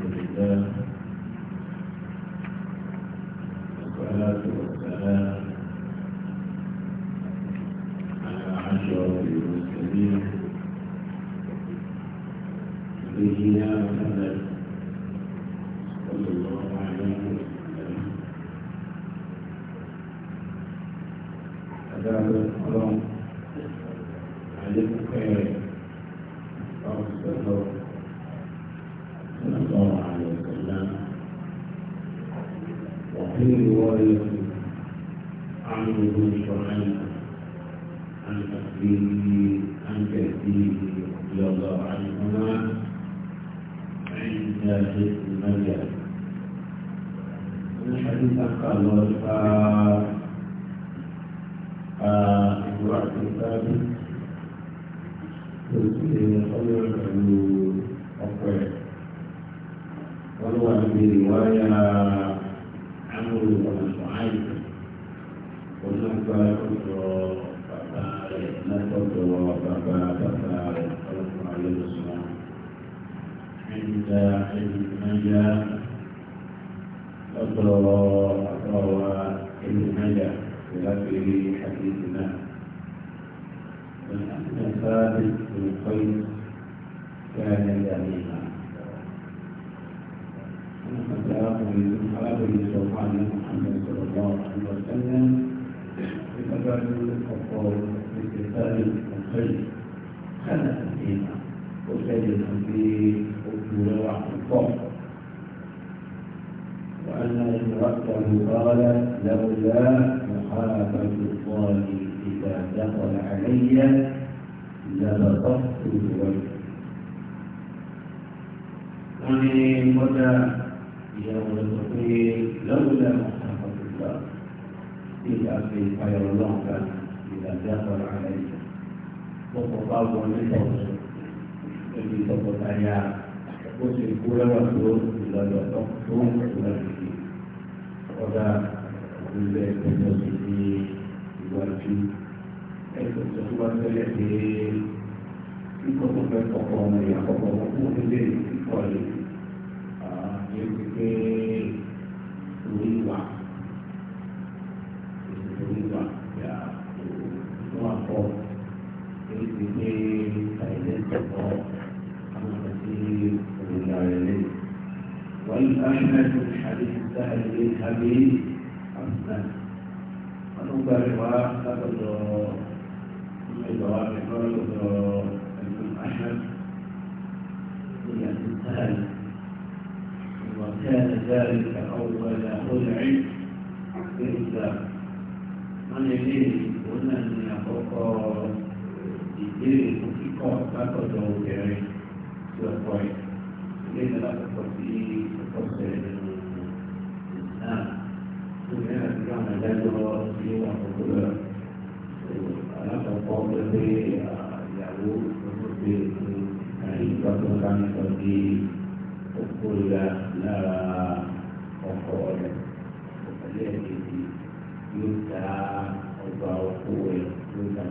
الحمد لله عنه شرعين عن تقديمه عن تأديبه رضي الله عنهما عند حزب المجال الحديث قال امرأة ثابت تسلم خيرا له وروى في رواية عمرو بن gbà lọ́dọ̀ عند المنيا بن قيس كان يمينا أنا قد أقول من حلقه محمد صلى الله عليه وسلم الثبات والقول والاتفاق والخير خلق القيمة وسيد التنفيذ والجوع والقول وأن ربه قال لولا مخافة الله إذا دخل علي لبطشت بوجهه ومن مدى يوم التقرير لولا مخافة الله ìdàgbé ìpayọ̀ ọlọ́run kan ìdàgbé àtọ̀rọ̀ àlẹ́ yìí lọ́pọ̀ bá wọn nítọ̀sọ̀ ẹbí tọkọtaya ó sì kú lẹ́wà tó ìlọ́dọ̀ tó ń pẹ̀lú àgbègbè ọ̀dà ìlẹ̀ ìpínlẹ̀ sí ní ìwájú ẹ̀sọ̀ tó wá tẹ́lẹ̀ pé àbí bóyá lára ọkọ rẹ̀ ẹlẹ́ẹ̀kejì yóò ta ọgbà ọkọ rẹ̀ yóò ta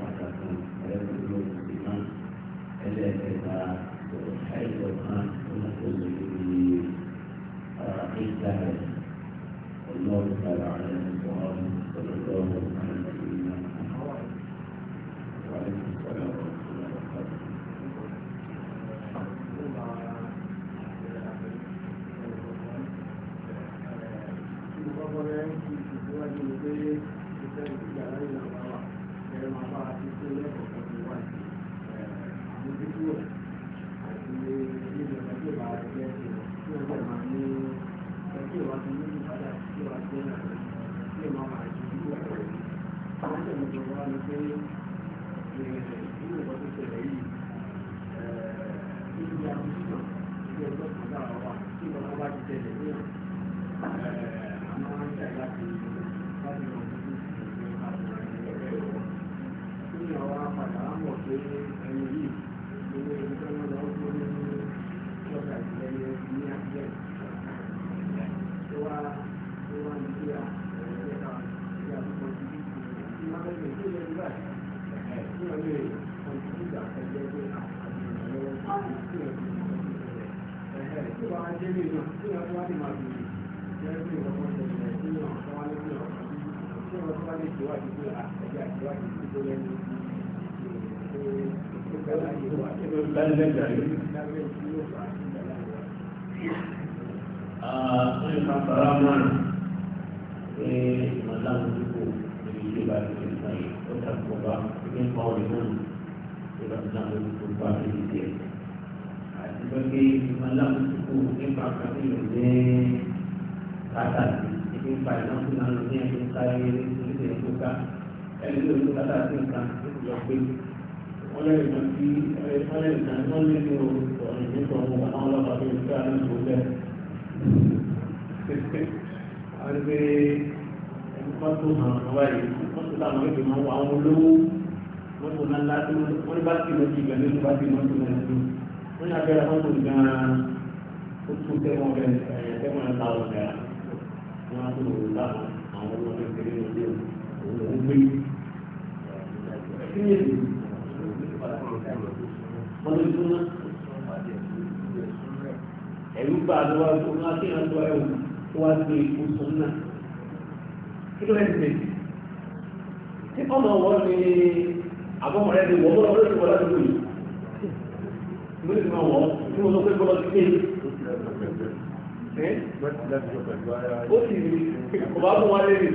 ni pé ìlú eh, ìwọ́n tó ṣẹlẹ̀ yìí ìlú àkóso ìgbẹ́ ọgbọ́n kan dára wà tí ìwọ́n bá ti tẹ̀lé ẹlẹ́gbẹ̀ẹ́ rẹ̀. Ṣé ìka fara mọ́ ẹ̀ pé ìmọ̀lá ń dúpọ̀ lórí ilé ìgbà tó ń sàn yìí ó dà pọ̀ bá ní pa ọ̀rẹ́ náà ìgbà tó náà lórí tó bá lórí ìdíyẹ. Àti pé kí ìmọ̀lá ń dúpọ̀ nípa kàtí ọlẹ́rìnà tí ọlẹ́rìnà tó nínú ọ̀rìn nípa ọmọ àwọn ọlọ́pàá tó ń fẹ́ àdúgbò bẹ́ẹ̀. àgbẹ̀ ẹ̀mọ́tò hàn ọ̀wá yìí wọ́n ti láwọn ètò máa ń wọ àwọn olówó mọ́tò náà láti wọ́n ní bá ti lọ sí ìgbàlẹ́ ní bá ti mọ́tò náà lọ. wọ́n ní abẹ́rẹ́ mọ́tò gan-an ó tún tẹ́wọ̀n bẹ́ẹ̀ tẹ́wọ̀n náà táwọn ọ̀gá wọn á ọlọ́dúnrún ẹ̀rú bá a lọ́wọ́ tó máa kí ìrántí wa ẹ̀wù tó wá gbé ikú sùn náà kí ló ń tẹ̀ tí ọmọ wọn ni àbọ̀mọ̀rẹ́ ni wọ́n bọ́lá lórí wọlé lórí mo ní ìgbà wọ́n tí mo sọ pé bọ́lá ti dé ó sì rí kò bá fún wa lé rí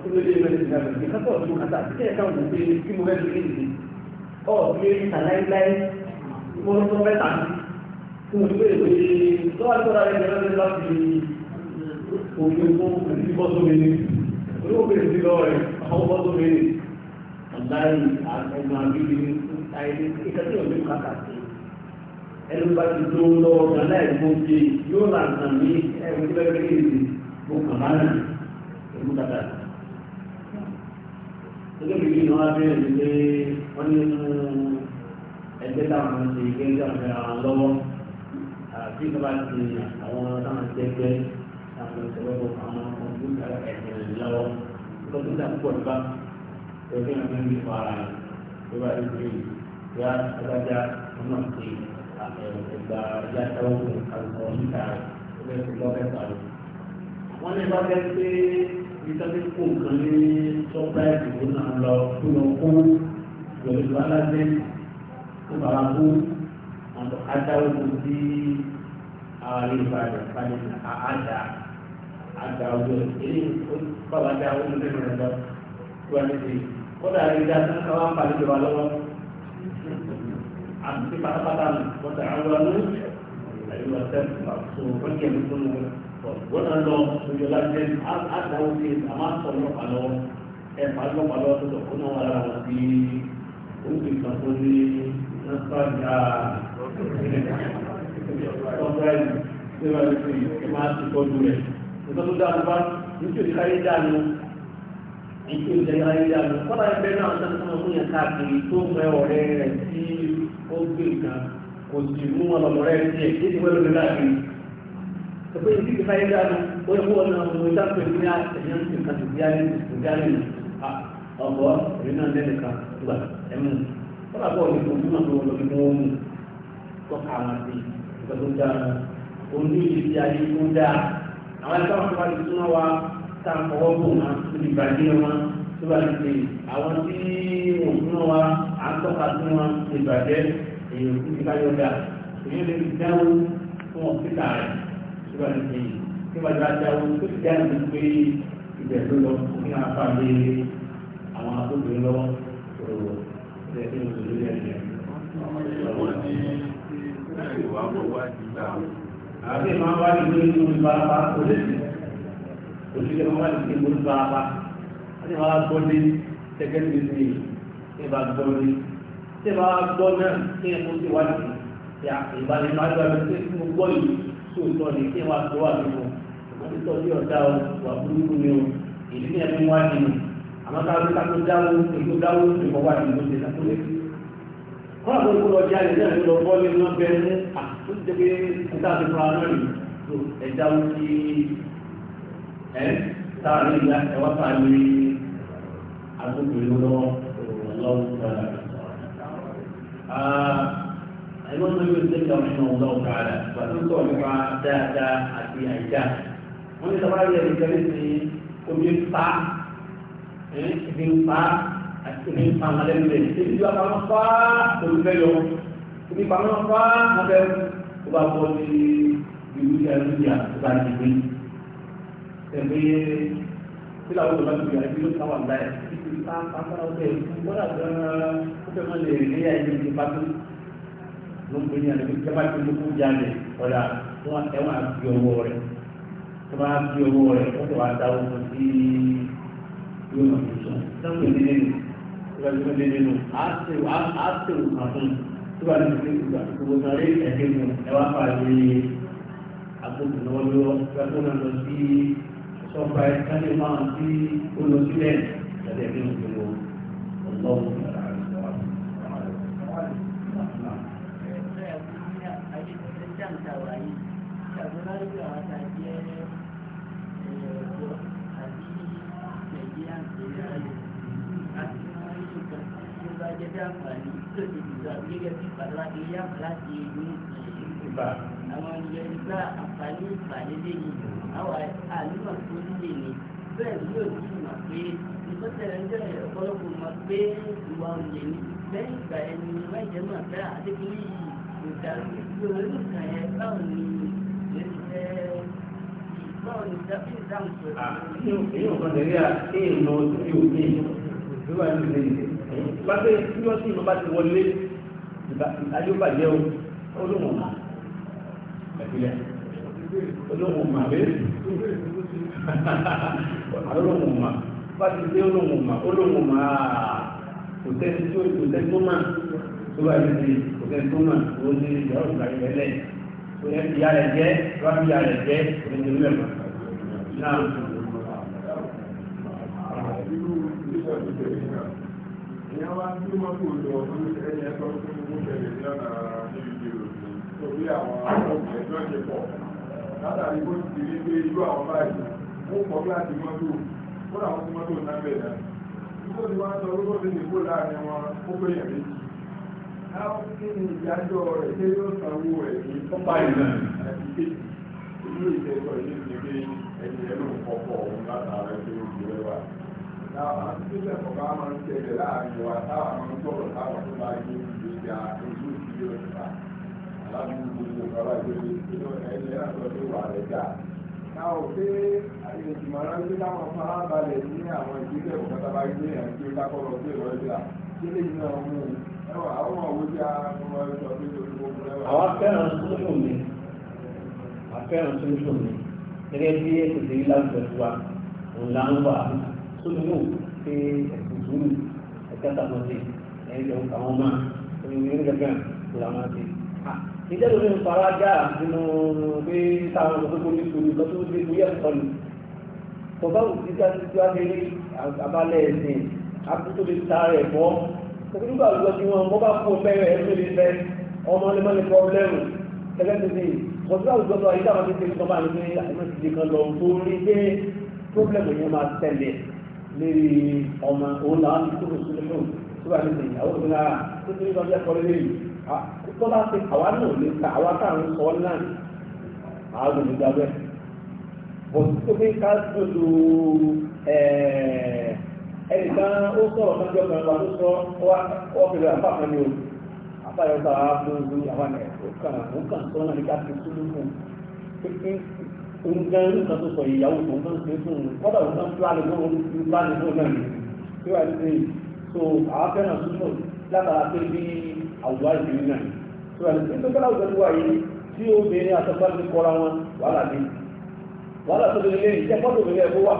kí ló dé ìrẹsì náà ìkàtọ̀ ọ̀dọ́ kàtà kí ẹ̀ka òkú pé kí mo fẹ́ lórí ìdílé ọ̀ ní ẹ̀rí sàláìláì mo tó fẹ́ tàbí tí mo gbé ìwé tó wà nípa rẹ̀ lọ́dún láti òfin fún ìdíbọ́sọ́mẹ́ni olóògbé ìdílọ́ rẹ̀ àwọn bọ́sọ́mẹ́ni ọ̀dáyì ẹnu àbíbi àìní ìkàtí òní kàkà sí ẹnu bá ti tó lọ gàdá ẹ̀gbọ́n ṣe yóò là nà ní ẹ̀rù tó bẹ́ẹ̀ kéèké mo kàn máa nà ẹ̀mú kàkà. Ẹgbẹ́ mi kì í náà bẹ́ẹ̀ ní wọ́n ní nínú ẹgbẹ́ táwọn ń ṣe ìgbé ìjọba ìjọba àwọn lọ́wọ́ àti ìjọba ti àwọn táwọn jẹgbẹ́ àwọn ìṣòro àwọn kọ̀ǹpútà ẹ̀sìn lọ́wọ́ kọ̀ǹpútà púpọ̀ nípa ẹgbẹ́ ìjọba ń fa ara ìjọba ìjọba ìyá adájá ọmọ ti ìgbà ìyá táwọn àlùkò níta ẹgbẹ́ ìlọ́fẹ́ sàrò. wọ́n ní bá pé ìjọba kò kàn ní sọ́práìtì pẹ̀lú aláṣẹ tó bàbá kú àti adáwó tó ti ààrẹ ìbàdàn ìbàdàn àádá àádá ọjọ́ èyí bàbá dá ọdún tó ń lọ tó wà níbi kódà ìdá tó ń káwá ń parí ìjọba lọ́wọ́ àti pátápátá wọn tẹ àwọn ọlọ́wọ́ àyẹ̀wò ọ̀sẹ̀ tó wọ́n jẹ́ nípa wọn náà lọ lójú aláṣẹ àdáwó tó àmà sọ̀rọ̀ pàlọ́ ẹ̀ pàlọ́ pàlọ́ tó tọ̀ fún náà wà lára wọn bíi oúnjẹ kan tó ní nàfàdà ọgbà ìlú tí wọ́n ti fi máa ti tọ́jú rẹ̀ nígbà tó dáa bá nítorí káyé dànù nítorí káyé ayé dànù kọ́lá ẹgbẹ́ náà tó ń sọ fún yẹn káàkiri tó ń bẹ ọ̀rẹ́ rẹ̀ tí ó gbé nǹkan kò sì mú wọn lọ́mọ rẹ̀ tiẹ̀ tí ti wọ́n lè káàkiri ẹgbẹ́ yìí ti káyé dànù ó yẹ kó wọn náà mú ìdáfẹ́ ní àtẹ̀yẹ́ nǹkan tó bí á ní ìdáfẹ́ ọkọ̀ ìrìnà lẹ́nìkan gbà ẹ̀mú kọ́lá bọ̀ ní ojú náà tó lọ́ọ́ mú omi tọ́ka àwọn àti ìgbà tó dáa oní ìdí ayé tó dáa àwọn ẹ̀ka wọn bá ti súná wa tá a fọwọ́ bò wọn tó ti bàjẹ́ wọn tó bá ti pè àwọn tí wọn súná wa à ń tọ́ka sí wọn ti bàjẹ́ èèyàn tó ti káyọ̀ dáa èèyàn lè fi dáwó fún ọ̀sítà rẹ̀ tó bá ti pè kí wọ́n ti bá dáwó tó ti dáa ní pé ìbẹ̀rù lọ fún àfàlẹ́ àwọn akóbìnrin lọ́wọ́ tó lè fi oṣù lórí ẹ̀jẹ̀. wọ́n ní tí náà ìwà bọ̀ wá nígbà. àbí máa wá ní lórí lórí bàbá kò lè fi òṣìṣẹ́ máa wá ní lórí lórí bàbá àti máa gbọ́ ní tẹ́gẹ́ ní ní ìbá gbọ́ ní tí ìbá gbọ́ náà kí ẹ̀ kó sí wájú ìbánimọ̀ àti ìgbà tó tọ́ ni kí wọ́n á tó wà nínú ìmọ̀títọ́ bí ọ̀dá wà burúkú ni àwọn tá a lóta tó dáwó èkó dáwó èkó wà ní ìlú ìlú ìlú ìlú kọ́lá tó kó lọ jẹ́ àyè náà ló lọ bọ́ ní iná bẹ́ẹ̀ mú àtúntò jẹ́ pé níta ti fura náà nì tó ẹ dáwó sí ẹ sáàrin ìyá ẹ wá sáàrin àtúntò ìlú lọ́wọ́ lọ́wọ́ sára. ẹgbẹ́ tó yóò ṣe ìjọba nínú ọ̀dọ́ ọ̀kadà ibi ń pa àti ibi ń pa àmàlẹ́nu rẹ̀ ibi tí wọ́n pamọ́ fá olùfẹ́ yọ ibi pamọ́ fá abẹ́ ó di bọ́ sí ìlú ìyá ìlú ìyá tó bá ti gbé ẹgbẹ́ tí làwọn tó bá ti gbé àti ìlú táwọn àgbà ẹ̀ ibi pa pàápàá ọ̀bẹ wọ́dà gan-an ó fẹ́ mọ́ lè rí ẹ̀yà ìlú ìlú pàtó ló ń ní àlejò tí a ti mú kó jáde ọ̀dà ẹ̀wọ̀n àti rẹ̀ tó bá rẹ̀ ó sì wá dáwọ́ sí yóò máa fi sùn sáwọn ìdílé nù ìgbà tí wọ́n dédé nù á sì wò kàn fún tó bá nípa ìgbà gbogbo sáré ẹ̀kẹ́ mu ẹ wá fà lé àgbòkù náà lọ ìgbà tó náà lọ sí sọ́fà ẹ̀ káde máa sí ó lọ sílẹ̀ ìgbàdí ẹ̀kẹ́ mu gbogbo ọlọ́wọ́ ìgbàdá Thank you. jẹ́ àǹfààní tó ti dùn lọ gẹ́gẹ́ bí bàbá ilé àfàlàsì ìlú ìgbà àwọn ilẹ̀ ìgbà àǹfààní ìpàdé lẹ́yìn àwọn àlùmọ̀ tó ń lè ní bẹ́ẹ̀ ni yóò ní ìmọ̀ pé ìfọ́sẹ̀rẹ̀ ń jẹ́ ọ̀pọ̀lọpọ̀ mọ̀ pé ìwà òye ni lẹ́yìn ìgbà ẹni mẹ́jẹ̀ mọ̀ pé àdékùnrin yìí kò dàrú ìlú olùkàn yẹn báwo ni ìrẹsìtẹ́ báwo ni ìdábí ìdáhùn sọ̀rọ̀. àti ìyókùn lè rí à kí èèyàn ojú yóò ní ìgbéwà ní ìlú pàṣẹ tí wọ́n sì lọ bá ti wọlé ayébàjẹ́ o olóhùn mà ẹ̀fílẹ̀ olóhùn mà bẹ́ẹ̀ olóhùn mà pàṣẹ tí olóhùn mà olóhùn mà kò tẹ́sí tó kò tẹ́sí tó mà tó bá yẹ ti kò tẹ́sí tó mà ó ní ìyá òǹkà yẹn lẹ̀ ó yẹ ìyá rẹ̀ jẹ́ wá bí ìyá rẹ̀ jẹ́ kò ní ìlú ẹ̀ mọ̀ náà ìyẹn wá tí wọ́n kò lọ fún ẹni ẹ̀tọ́ fún mú ṣẹlẹ̀ ní ọ̀nà níbi ìlú tó bí àwọn ọ̀gbìn ẹjọ́ ṣe pọ̀ látàrí bó ti rí pé irú àwọn báyìí ó pọ̀ láti mọ́tò ó làwọn tí mọ́tò náà bẹ̀rẹ̀ nígbà tí wọ́n sọ orúkọ sí ìdìbò láàrin wọn ó pé yẹn méjì láwọn kí ni ìdájọ́ rẹ̀ ṣé yóò sanwó ẹ̀ ní pápá ìlànà àti kéjì ilé ìtẹ̀kọ̀ yìí ni pé ẹni ẹlòmùpọ̀pọ̀ Táwọn pé ìgbìmọ̀ràn ń gbé láwọn farabalẹ̀ ní àwọn ìgbésẹ̀ òkúta bá gbé ẹ̀ ń gbé lákọ̀ọ́rọ̀ pé ìrọ̀ ìgbà tí lè yín náà mú un. Ẹwà àwọn òwe jẹ́ àwọn ọ̀rọ̀ ìjọ tó ti gbogbo ẹwà. Àwọn afẹ́ràn sóṣùn mi, afẹ́ràn sóṣùn mi, gẹ́gẹ́ bí ètò ìdílé láwùjọ tiwa, òun là ń wà á sódùnú ṣe ẹ̀sìn sùúrù ẹ̀kẹ́ta lọ sí ẹ̀yọ àwọn ọmọ ìrìn gẹ́gẹ́ làwọn ti. ìjẹ́ lórí ìfara já nínú pé táwọn ọmọ tó ní sùúrù lọ́tọ́ tó dé bóyá ẹ̀kọ́ ni. bọ̀bá wù sí ká ti wá dé abalẹ̀ ẹ̀sìn akútó lè ta rẹ̀ bọ́. òkú nígbà lọ sí wọn bọ́ bá fún bẹ́rẹ̀ ẹ̀ ló lè fẹ́ ọmọ lẹ́mọ́lẹ́ pọ́blẹ́mù gẹ́gẹ́ tó ti bọ̀ lérí ọmọ òun náà ní kúrò sílẹ̀ tó bá nílẹ̀ ìyàwó tó náà tó tó ní lọ́jọ́ kọ́lé lẹ́yìn tó bá ti àwa náà lè ta àwa táwọn sọ náà àwọn olùdá bẹ́ẹ̀ bọ̀ tó fi ká dodo ẹnìkan ó sọ̀rọ̀ kan jọ kan wà ló sọ wọ́n fi àpá kan ní o àpá yẹn bá a fún un àwọn ẹ̀ ó kàn ó kàn sọ náà ní ká fi túlù fún un nǹkan nǹkan tó sọ ìyàwó tó nǹkan tó fún un kọ́dà nǹkan tó alẹ́ mọ́ orí tó bá lè lọ́nà tí wàá ti sèyí so àwọn fẹ́ràn súnmọ́ látara pé bí àwùjọ àìsàn náà tí wàá ti sèyí tó kọ́dà àwùjọ tó wà yìí tí obìnrin àtọ́gbà ti kọ́ra wọn wàhálà dé wàhálà tó lè lé ìjẹ́ kọ́dà obìnrin ẹ̀kọ́ wà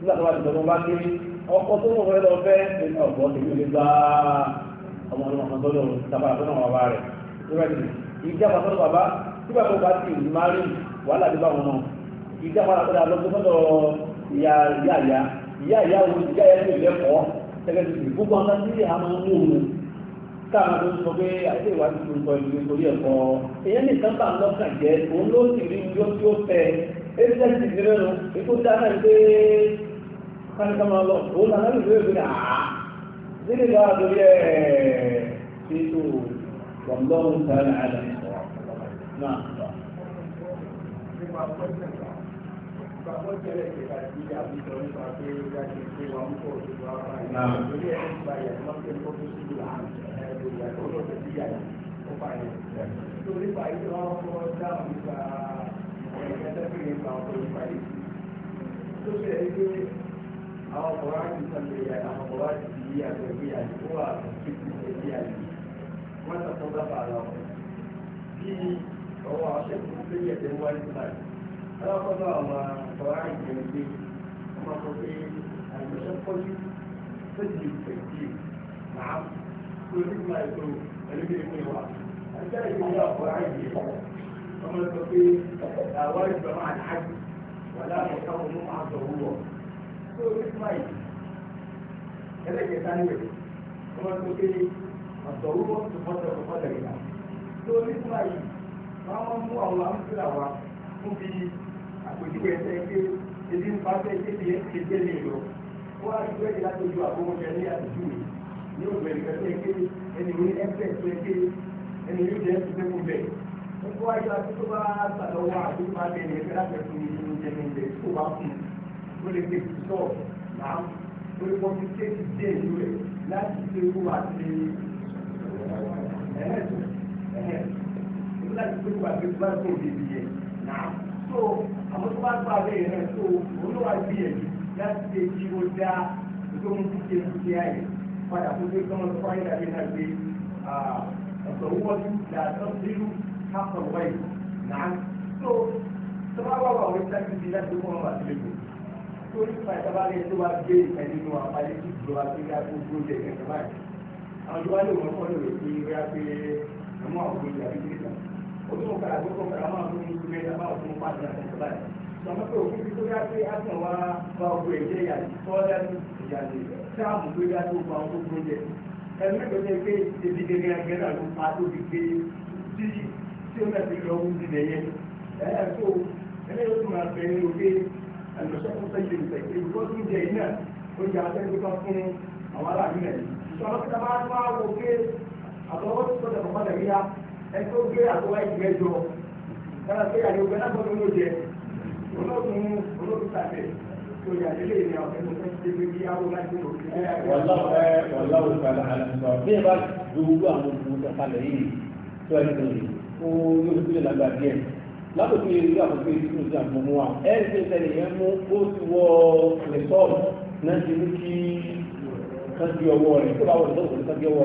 nígbà tó wà ti sọ̀rọ̀ bá dé ọkọ̀ tó mọ̀ wàhálà ti bá wọn náà ìjà padà padà lọ sọ́dọ̀ ìyá ìyá ìyá ìyá ìyá wo ìyá ìyá tó lẹ́kọ̀ọ́ tẹ́lẹ̀tì gbogbo àwọn tí a máa ń mú un táwọn tó ń sọ pé àti ìwádìí tó ń sọ ìlú nítorí ẹ̀kọ́ èyàn nìkan bá ń lọ́kàn jẹ́ òun ló sì rí yóò tí ó fẹ́ ebi tẹ́lẹ̀ ti rẹ́nu ikú dáná pé káníkà lọ òun nípa pọ́sẹ̀ náà nípa pọ́sẹ̀ rẹ̀ ṣe láti ilé àbíjọ nípa pé ìyá ṣe pé wà ń pọ̀ sí wa báyìí lórí ẹ̀ ń gba ìyá náà pé kó tó sí ìlú àmì ẹ̀ lórí àgbọ̀ lọ́sẹ̀ sí ìyá yìí ó bá yẹ. torí báyìí wọ́n kọ́ dáhùn nípa ẹ̀ẹ́dẹ́gbẹ̀rẹ̀ nípa ọkọ̀ nípa yìí. tó ṣe ọwọ́ àṣẹ́kù tó yẹ tẹ́ wáyé báyìí alákọ̀ọ́dọ̀ àwọn àtọ̀rọ̀ àìjẹ́ ilé ọmọ kan pé àìmọ̀ṣẹ́ pọ́jú tó di ìfẹ̀jì màá tó ní ìgbà ètò ẹlẹ́gbẹ́ ìpè wa àti àìjẹ́ àtọ̀rọ̀ àìjẹ́ ọmọ kan pé àwọn ìgbà máa dájú wà láàrin káwọn mú máa sọ wúwọ́ tó ní ìgbà yìí ẹlẹ́gbẹ́ sáyẹ̀ ọmọ kan pé àtọ̀rọ̀ wúwọ́ tó fọ́tọ̀ tó fọ́tọ̀ ìgbà tó ní ìgbà yìí máa wọ́n fún àwọn amúsílà wa fún bí àpèjúwe ẹsẹ̀ pé ebi ń bá fẹ́ ṣe bíi ẹsẹ̀ jẹ́ lè lọ wọ́n á rí bẹ́ẹ̀ láti ojú àkókò ní àpèjúwe ní òbẹ̀ nìkan tó yẹ pé ẹni orí ẹgbẹ́ tó yẹ pé ẹni orí jẹ́ ẹsẹ̀ fún bẹ́ẹ̀ ẹgbẹ́ wáyé àti tó bá sàlọ́wọ́ àti tó bá bẹ̀ ní ẹgbẹ́ láti ẹ̀fún yìí ní jẹ́ ní ilẹ̀ tó bá fún un ó lè fi sọ̀ náà ó lè pọ́n ìlú láti gbé gbà pé bá tó bèbí yẹn náà tó àwọn tó bá gbà bẹ́ẹ̀ rẹ̀ tó olówó gbìyànjú láti ṣe kí ó dá ìgbóhùn títí ìdíje ayé padà tó gbé gbọ́n tó wáyé dàbí náà gbé ọ̀sọ̀ owó tó dàtọ́ sílù kápọ̀ wáyé náà tó tó bá wà wà wọ́n ti láti di láti kọ́ ọ́n àti lẹ́kọ̀ọ́ torí pàtàkì tó wá gbé ìfẹ́ nínú àpáyé tó ìjọba tó yá gbogbo jẹ àwọn ìjọba lè wọ́n kọ́ lóore pé wíwá pé ẹ̀mú àwọn ìjọba tó onímọ̀ kàrà tó kọ̀ kàrà máa fún ìlú mẹ́ta bá òfin pàdé àtẹ̀tẹ̀ báyìí sọmọ pé òfin tó yá pé a kàn wá gba ọgbọ èdè ìyàlè tọ́lá ní ìyàlè sáàmù tó yá tó gba ọgbọ gbọ́dẹ̀ ẹni mẹ́ta tó yẹ pé ebi gẹ́gẹ́ gẹ́gẹ́ náà ló pa tó fi gbé tí tí ó mẹ́ta lọ wú ti lẹ̀ rẹ̀ sọmọ ẹni tó gbé àkọ́wá ìgbẹ́ jọ dára pé àyè náà gbọ́dọ̀ ló jẹ olóògùn olóògùn tàbí tó ìrìn àwọn tó ń ṣe pé kí láti lò bí ẹ bá gbogbo àwọn kalẹ̀ yìí àkókò tó ti wa yẹn mú ó ti wọ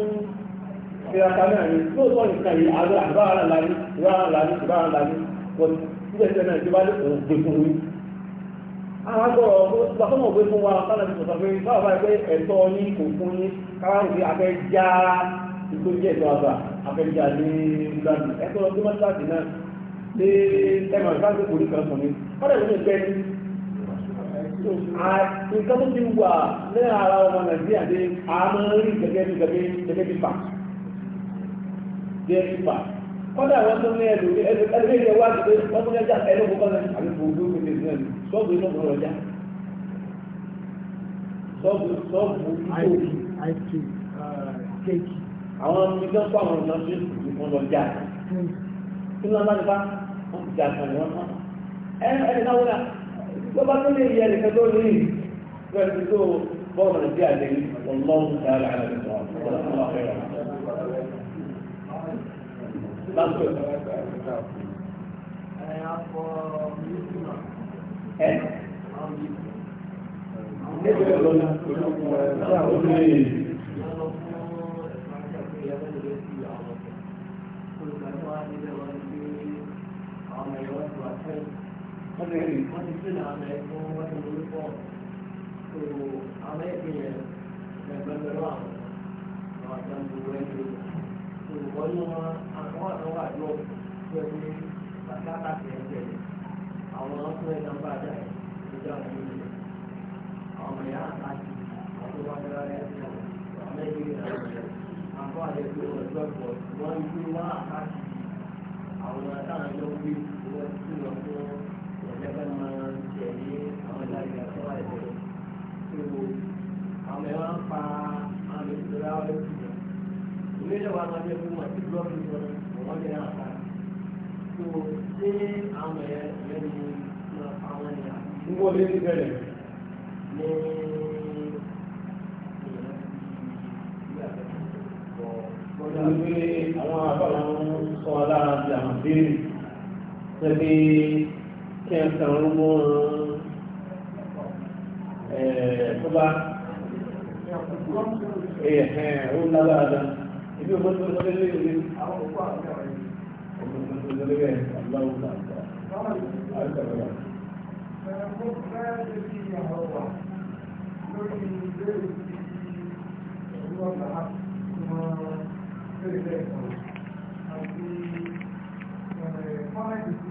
ìrata náà ni lóòótọ́ nìkan yìí àgbà àbára ńlá ní ìbára ńlá ní ìbára ńlá ní wọ́n síbẹ̀síbẹ̀ náà ìjọba lè òun gbé fún yín. àwọn agbọ̀rọ̀ ọgbà tó mọ̀ gbé fún wa sálẹ̀ ti sọ̀tọ̀ pé báwa bá pé ẹ̀tọ́ yín kò fún yín káwọn fi afẹ́ já ìtó jẹ́ ìtọ́ àgbà afẹ́ já ní gbàdú ẹ̀tọ́ tó má sáàtì náà lé ẹ̀mọ̀ ìfáàgbé kò ní kan sùn ní kọ́dà ló ń gbẹ́ nǹkan tó ti wà lẹ́yìn ara ọmọ nàìjíríà dé àmọ́ rí gẹ́gẹ́ bí gẹ́gẹ́ bí fà dẹ́rìbà kọ́dà wọn tó ní wá sí pé wọ́n tún àbí náà ni sọ́ọ̀bù sọ́ọ̀bù sọ́ọ̀bù kéèkì àwọn kó àwọn lọ́jà kí ló ń bá ti jà kan ní ẹ náà bá tó lè yẹ tó ní tó bọ́ọ̀lù lásìkò ẹ̀ nígbà tó ní ọdún yìí. wọ́n ti sí àwọn ẹ̀kọ́ wọ́n ti wọlé pọ̀ tó àwọn ẹ̀kọ́ yẹn lẹ́gbẹ̀ẹ́ lọ́wọ́ àwọn àwọn àjọ ìwé ẹ̀kọ́ tó wọ́n ní wọn àwọn àwọn àjọ pẹ̀lú bàtàkà tẹ̀lé ẹ̀ lójà wọn ní àwọn ọmọ ìyá àti àwọn ara ẹ̀ ní àwọn ẹgbẹ́ ìlànà rẹ̀ àkọ́ àlẹ́ pé wọ́n ẹgbẹ́ pọ̀ wọ́n ń gbé wá àkáàtì àwọn táwọn ẹjọ́ gbé ti lọ fún àwọn ìlànà tó wà ẹ̀jẹ̀ lọ àwọn ẹ̀wà ń pa àwọn ìṣòro àwọn ẹ̀jẹ̀ ìwé ìjọba máa ń yẹ fún wọ́n ti rà ní bẹ̀rẹ̀. ní àwọn abala sọ alára di àwọn béèrè sẹ́bi kí ẹ kàn ń mú ẹ̀ẹ́dọ́gba ẹ̀ẹ́dọ́gba ó lágbára ibi ọmọ tó lọ lé lé àwọn òkú àwọn